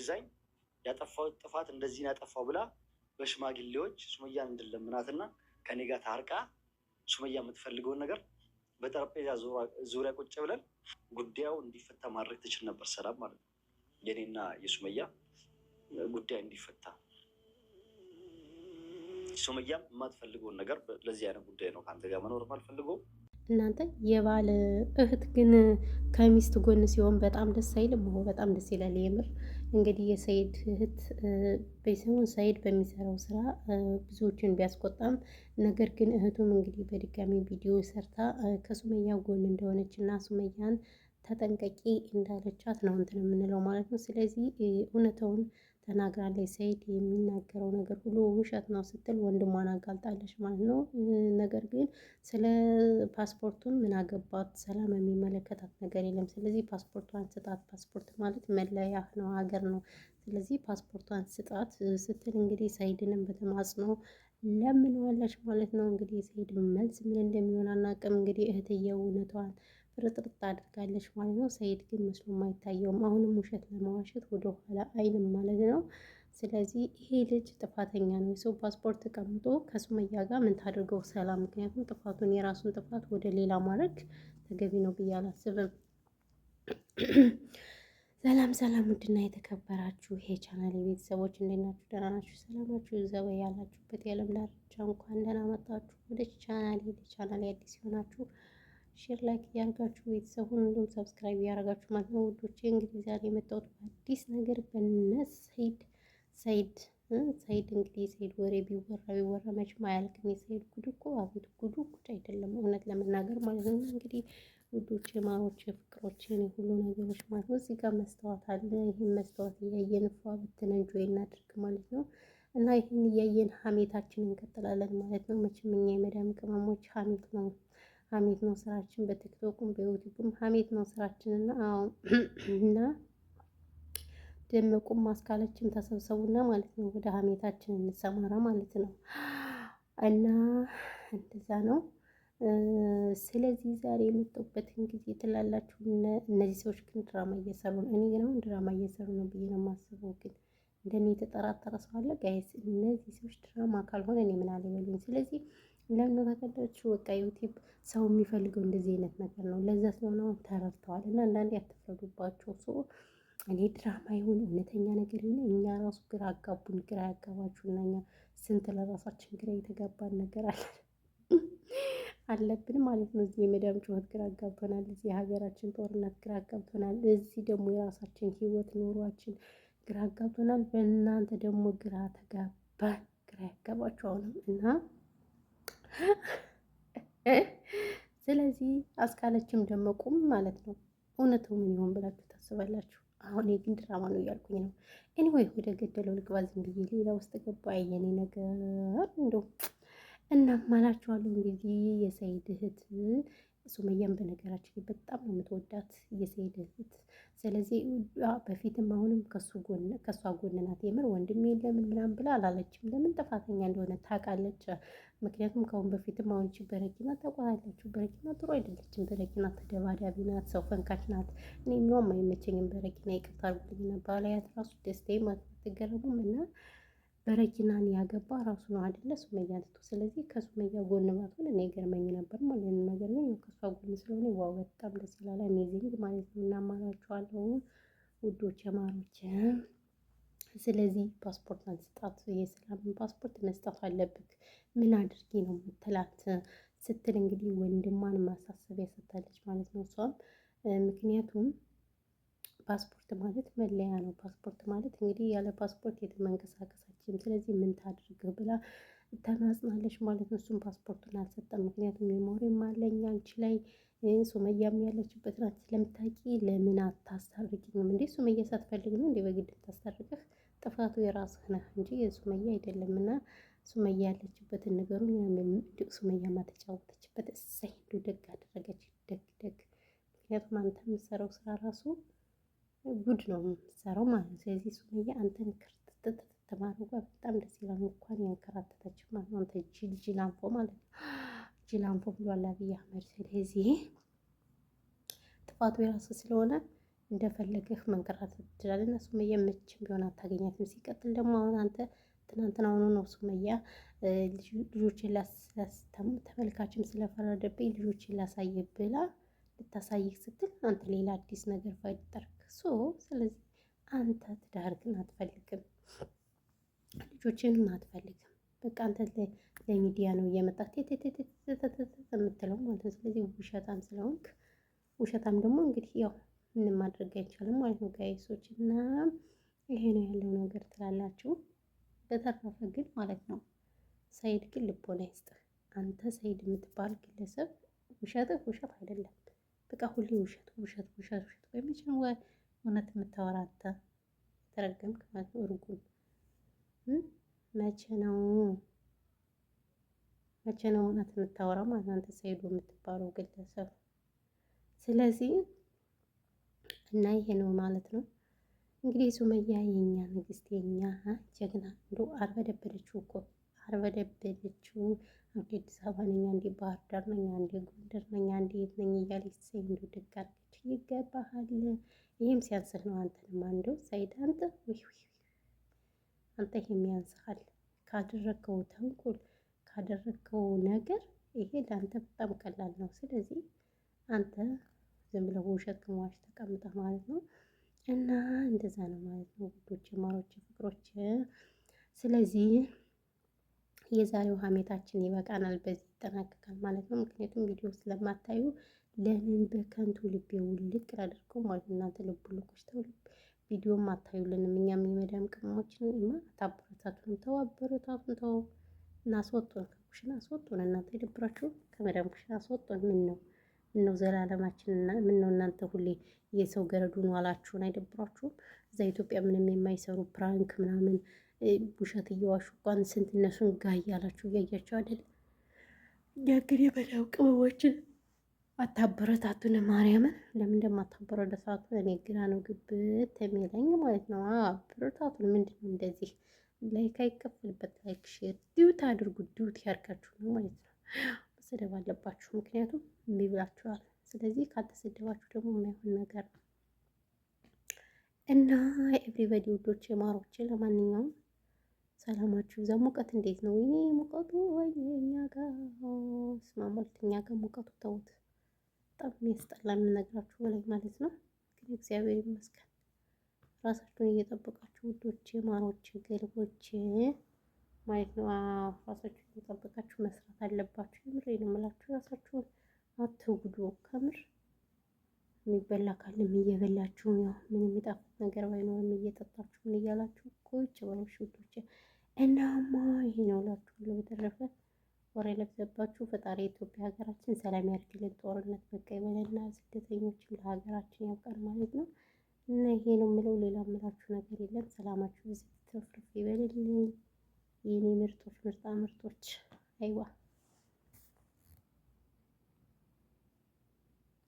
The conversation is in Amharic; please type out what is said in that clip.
ግዛኝ ያጠፋው ጥፋት እንደዚህ ያጠፋው ብላ በሽማግሌዎች ሱመያን እንድለምናትና ከኔ ጋር ታርቃ ሱመያ የምትፈልገውን ነገር በጠረጴዛ ዙሪያ ቁጭ ብለን ጉዳዩ እንዲፈታ ማድረግ ትችል ነበር። ሰላም ማለት ነው። የኔና የሱመያ ጉዳይ እንዲፈታ ሱመያም የማትፈልገውን ነገር ለዚህ አይነት ጉዳይ ነው ከአንተ ጋር መኖር ማልፈልገው እናንተ የባል እህት ግን ከሚስት ጎን ሲሆን በጣም ደስ አይልም። በጣም ደስ ይላል የምር እንግዲህ የሰይድ እህት በሰሞን ሰኢድ በሚሰራው ስራ ብዙዎችን ቢያስቆጣም፣ ነገር ግን እህቱም እንግዲህ በድጋሚ ቪዲዮ ሰርታ ከሱመያ ጎን እንደሆነች እና ሱመያን ተጠንቀቂ እንዳለቻት ነው እንትን የምንለው ማለት ነው። ስለዚህ እውነተውን ተናግራለች። ሰይድ የሚናገረው ነገር ሁሉ ውሸት ነው ስትል ወንድሟን አጋልጣለች ማለት ነው። ነገር ግን ስለ ፓስፖርቱን ምን አገባት፣ ሰላም የሚመለከታት ነገር የለም። ስለዚህ ፓስፖርቷን ስጣት። ፓስፖርት ማለት መለያ ነው፣ ሀገር ነው። ስለዚህ ፓስፖርቷን ስጣት ስትል እንግዲህ ሰይድንም በተማጽኖ ለምንዋለች ማለት ነው። እንግዲህ ሰይድ መልስ ምን እንደሚሆን አናውቅም። እንግዲህ እህትየው እውነቷን ፍርጥርጥ አድርጋለች ማለት ነው። ሰይድ ግን መስሎ አይታየውም። አሁንም ውሸት ለመዋሸት ወደኋላ አይልም ማለት ነው። ስለዚህ ይሄ ልጅ ጥፋተኛ ነው። የሰው ፓስፖርት ተቀምጦ ከሱመያ ጋር ምን ታደርገው ሰላም። ምክንያቱም ጥፋቱን የራሱን ጥፋት ወደ ሌላ ማድረግ ተገቢ ነው ብዬ አላስብም። ሰላም ሰላም፣ ውድና የተከበራችሁ ይሄ ቻናል ቤተሰቦች እንዴት ናችሁ? ደህና ናችሁ? ሰላማችሁ ያላችሁበት የዓለም ዳርቻ እንኳን ደህና መጣችሁ ወደ ቻናል። ቻናል አዲስ ሲሆናችሁ ሼር ላይክ እያደረጋችሁ ቤተሰብ ሁሉም ሰብስክራይብ እያደረጋችሁ ማለት ነው ውዶቼ። እንግዲህ ዛሬ የመጣሁት በአዲስ ነገር በነ ሰይድ ሰይድ ሰይድ እንግዲህ የሰይድ ወሬ ቢወራ ቢወራ መቼም አያልቅም። የሰይድ ጉድ እኮ አቤት ጉዱ ጉድ አይደለም እውነት ለመናገር ማለት ነው። እንግዲህ ውዶቼ፣ ማሮቼ፣ ፍቅሮቼ ሁሉ ነገሮች ማለት ነው። እዚህ ጋር መስተዋት አለ። ይህን መስተዋት እያየን ፏ ብትን እናድርግ ማለት ነው እና ይህን እያየን ሀሜታችን እንቀጥላለን ማለት ነው። መቼም እኛ የመዳም ቅመሞች ሀሜት ነው ሀሜት ነው ስራችን። በቲክቶክም በዩቲዩብም ሀሜት ነው ስራችን እና እና ደመቁም ማስካለችም ተሰብሰቡና ማለት ነው ወደ ሀሜታችን እንሰማራ ማለት ነው እና እንደዛ ነው። ስለዚህ ዛሬ የመጣሁበትን ጊዜ ትላላችሁ። እነዚህ ሰዎች ግን ድራማ እየሰሩ ነው። እኔ ግን ድራማ እየሰሩ ነው ብዬ ነው የማስበው። ግን እንደኔ የተጠራጠረ ሰው አለ ጋይስ? እነዚህ ሰዎች ድራማ ካልሆነ እኔ ምን አለ ይበሉኝ። ስለዚህ ለምን ታውቃላችሁ? በቃ ዩቲዩብ ሰው የሚፈልገው እንደዚህ አይነት ነገር ነው። ለዛ ስለሆነ ተረድተዋል። እና አንዳንዴ ያተፈረዱባቸው ሰው እኔ ድራማ ይሁን እውነተኛ ነገር ይሁን እኛ ራሱ ግራ አጋቡን። ግራ ያጋባችሁ እና እኛ ስንት ለራሳችን ግራ የተጋባን ነገር አለ አለብን ማለት ነው። እዚህ የመዳም ጩኸት ግራ አጋብቶናል። እዚህ የሀገራችን ጦርነት ግራ አጋብቶናል። እዚህ ደግሞ የራሳችን ህይወት ኑሯችን ግራ አጋብቶናል። በእናንተ ደግሞ ግራ ተጋባን። ግራ ያጋባችሁ አሁንም እና ስለዚህ አስካለችም ደመቁም ማለት ነው። እውነቱ ምን ይሆን ብላችሁ ታስባላችሁ? አሁን የግን ድራማ ነው እያልኩኝ ነው። ኤኒዌይ ወደ ገደለው ልግባ። ዝም ብዬ ሌላ ውስጥ ገባ የኔ ነገር እንደው እናማላችኋለሁ። እንግዲህ የሰይድ እህት ሱመያን በነገራችን በጣም ነው የምትወዳት የሰይድ እህት። ስለዚህ በፊትም አሁንም ከእሷ ጎን ናት። የምር ወንድሜ ለምን ምናምን ብላ አላለችም። ለምን ጥፋተኛ እንደሆነ ታውቃለች። ምክንያቱም ከአሁን በፊትም አሁንቺ በረኪና ታውቋታላችሁ። በረኪና ጥሩ አይደለችም። በረኪና ተደባዳቢ ናት፣ ሰው ፈንካች ናት። እኔ ምንም አይመቸኝም በረኪና። ይቅርታ አድርጉልኝ። ባላያት ራሱ ደስታዬ ማለት አትገረሙም። እና በረኪናን ያገባ ራሱ ነው አይደለ ሱመያ ልቶ። ስለዚህ ከሱመያ ጎን ባትሆን እኔ ገርመኝ ነበር ማለት ነው። ነገር ግን ከሷ ጎን ስለሆነ ዋው በጣም ደስ ይላል። አሜዚንግ ማለት ነው። እናማራችኋለሁ ውዶች የማሮች ስለዚህ ፓስፖርት አልስጣት የሰላምን ፓስፖርት መስጠት አለብክ ምን አድርጌ ነው የምትላት ስትል እንግዲህ ወንድሟን ማሳሰቢያ ሰጥታለች ማለት ነው። እሷም ምክንያቱም ፓስፖርት ማለት መለያ ነው። ፓስፖርት ማለት እንግዲህ ያለ ፓስፖርት የተመንቀሳቀሳችን ስለዚህ ምን ታድርግ ብላ ተናጽናለች ማለት ነው። እሱም ፓስፖርቱን አልሰጠም። ምክንያቱም ሜሞሪም አለኝ አንቺ ላይ ሱመያም ያለችበት ናት ስለምታውቂ ለምን አታስታርቂኝም እንዴ? ሱመያ ሳትፈልግ ነው እንዴ በግድ ታስታርቅህ? ጥፋቱ የራስህ ነህ እንጂ የሱመያ አይደለም። እና ሱመያ ያለችበትን ነገሩን ሱመያ ማተጫወተችበት እሰይ እንዱ ደግ አደረገች፣ ደግ ደግ። ምክንያቱም አንተ የምትሰራው ስራ ራሱ ጉድ ነው የምትሰራው ማለት ነው። ስለዚህ ሱመያ አንተን ክርትትት ተማርጓ በጣም ደስ ይላል። እንኳን ያንከራተተችው ማለት ነው። አንተ ጅል ጅል ማለት ነው። ጅል አንፎ ብሏል አብይ አህመድ። ስለዚህ ጥፋቱ የራስህ ስለሆነ እንደፈለግህ መንከራተት ትችላለህ እና ሱመያ መቼም ቢሆን አታገኛትም። ሲቀጥል ደግሞ አሁን አንተ ትናንትና ሆኖ ነው ሱመያ ልጆችን ላስተም ተመልካችም ስለፈረደብኝ ልጆችን ላሳይ ብላ ልታሳይህ ስትል አንተ ሌላ አዲስ ነገር ፈጠርክ። ሶ ስለዚህ አንተ ትዳር ግን አትፈልግም፣ ልጆችንም አትፈልግም። በቃ አንተ ለሚዲያ ነው እየመጣ የምትለው ማለት ነው። ስለዚህ ውሸታም ስለሆንክ ውሸታም ደግሞ እንግዲህ ያው ምንም ማድረግ አይቻልም ማለት ነው ጋይሶች። እና ይሄ ነው ያለው ነገር ትላላችሁ። በተረፈ ግን ማለት ነው ሰኢድ ግን ልቦና ይስጥህ። አንተ ሰኢድ የምትባል ግለሰብ ውሸትህ ውሸት አይደለም። በቃ ሁሌ ውሸት ውሸት ውሸት ውሸት በሚችል እውነት የምታወራ አንተ ተረገምክ ማለት ነው። እርጉም መቼ ነው መቼ ነው እውነት የምታወራ ማለት ነው አንተ ሰኢድ የምትባለው ግለሰብ ስለዚህ እና ይሄ ነው ማለት ነው። እንግዲህ ሱመያ የኛ ንግስት የኛ ጀግና እንዶ አርበደበደችው እኮ አርበደበደችው። አዲስ አበባ ነኝ እንዲ ባህር ዳር ነኛ፣ እንዲ ጎንደር ነኛ፣ አንዴ፣ የት ነኝ እያለች ሰይ እንዶ ደጋለች። ይገባሃል። ይህም ሲያንስህ ነው አንተንማ እንደው ሰይድ አንተ አንተ ይሄም ያንስሃል ካደረግከው ተንኩል ካደረግከው ነገር ይሄ ለአንተ በጣም ቀላል ነው። ስለዚህ አንተ ዝም ብለው ውሸት ከመዋሽ ተቀምጠ ማለት ነው። እና እንደዛ ነው ማለት ነው ውዶች፣ ማሮች፣ ፍቅሮች። ስለዚህ የዛሬው ሀሜታችን ይበቃናል፣ በዚህ ይጠናቀቃል ማለት ነው። ምክንያቱም ቪዲዮ ስለማታዩ ለምን በከንቱ ልቤ ውልቅ አድርገው ማለት እናንተ ልቡ ልቆች ቪዲዮም አታዩልንም። እኛም የመዳም ቅመሞችን እና አታበረታቱን፣ ተው አበረታቱን፣ ተው እና አስወጡን፣ ከኩሽና አስወጡን። እናንተ የደብራችሁ ከመዳም ኩሽና አስወጡን። ምን ነው ምነው ዘላለማችንና ምነው እናንተ ሁሌ የሰው ገረዱን ዋላችሁን አይደብሯችሁም? እዛ ኢትዮጵያ ምንም የማይሰሩ ፕራንክ ምናምን ውሸት እየዋሹ እንኳን ስንት እነሱን ጋ እያላችሁ እያያቸው አይደል? እኛ ግን የበላው ቅመሞችን አታበረታቱን። ማርያምን ለምን እንደማታበረታቱ እኔ ግራ ነው ግብት የሚለኝ ማለት ነው። አበረታቱን። ምንድን ነው እንደዚህ ላይክ አይከፍልበት ላይክ ሼር ዲዩት አድርጉ። ዲዩት ያርጋችሁ ነው ማለት ነው። መሰደብ አለባችሁ። ምክንያቱም እምቢ ብላችኋል። ስለዚህ ካልተሰደባችሁ ደግሞ የማይሆን ነገር ነው እና ኤቭሪበዲ ውዶች የማሮች ለማንኛውም ሰላማችሁ ዛ ሙቀት እንዴት ነው? ወይኔ ሙቀቱ ወይ እኛ ጋር ስማሞልት እኛ ጋር ሙቀቱ ተውት፣ በጣም የሚያስጠላ የምነግራችሁ በላይ ማለት ነው። ግን እግዚአብሔር ይመስገን ራሳችሁን እየጠበቃችሁ ውዶቼ፣ ማሮቼ፣ ገልቦቼ ማለት ነው። ራሳችሁን የጠበቃችሁ መስራት አለባችሁ። የምሬ ነው የምላችሁ። ራሳችሁን አትጉዱ። ከምር የሚበላ ካለም እየበላችሁ ነው። ምን የሚጣፍጥ ነገር ባይኖርም እየጠጣችሁ ምን እያላችሁ ቁጭ በሉ ሽቶች። እናማ ይሄ ነው እላችኋለሁ። በተረፈ ወሬ ለብሰባችሁ ፈጣሪ የኢትዮጵያ ሀገራችን ሰላም ያድርግልን፣ ጦርነት በቃ ይበለና ስደተኞችን ለሀገራችን ያውቃል ማለት ነው። እና ይሄ ነው የምለው፣ ሌላ የምላችሁ ነገር የለም። ሰላማችሁ ብዙ ትርፍርፍ ይበልልኝ። የኔ ምርቶች ምርጣ ምርቶች አይዋ